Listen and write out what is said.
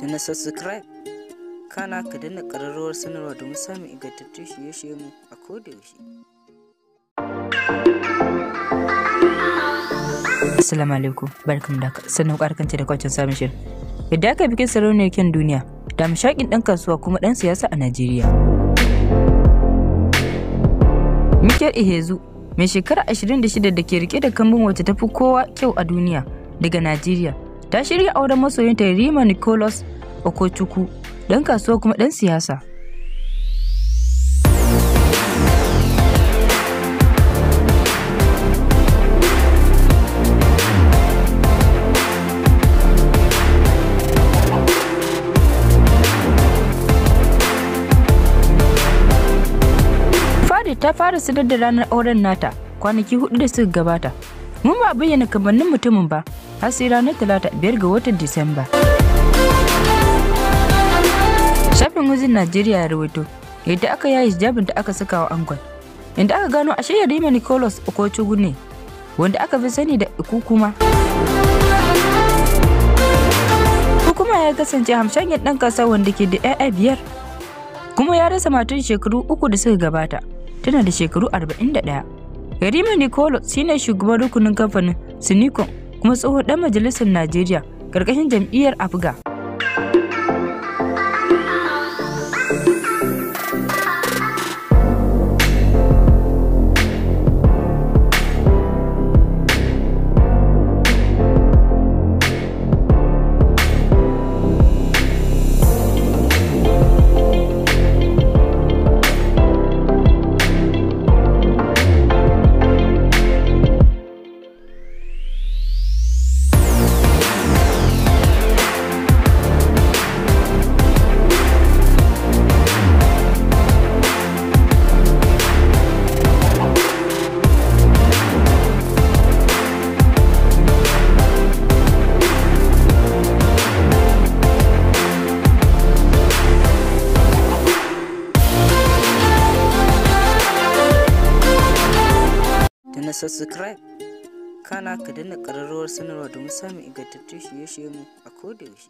da na subscribe kana ka dana kararrawar sanarwa domin samun ingantattun shirye-shirye mu a kodayaushe. Assalamu alaikum barkam da sanin kanta da kwacin samun shirin. Yadda aka bikin sarauniyar kyan duniya da mashakin ɗan kasuwa kuma ɗan siyasa a Najeriya. Mikel Ihezu mai shekara 26 da ke rike da kambun wacce tafi kowa kyau a duniya daga Najeriya ta shirya auren masoyinta Rima Nicholas Okochukwu don kasuwa kuma dan siyasa. Fadi ta fara sanar da ranar auren nata kwanaki hudu da suka gabata mun ba bayyana kamannin mutumin ba har sai ranar talata biyar ga watan disamba shafin wuzin najeriya ya rawaito yadda aka yaye hijabin da aka saka wa angon inda aka gano a ashe rima nicholas okochukwu ne wanda aka fi sani da kukuma kukuma ya kasance hamshanyar ɗan kasa wanda ke da 'ya'ya biyar kuma ya rasa matan shekaru uku da suka gabata tana da shekaru arba'in da ɗaya. Yarima Nicolo shine shugaban rukunin kamfanin sinico kuma tsohon dan majalisar Najeriya ƙarƙashin jam'iyyar Afga. na subscribe kana ka danna ƙararrawar sanarwa domin samun ingantattun shirye mu a kodayaushe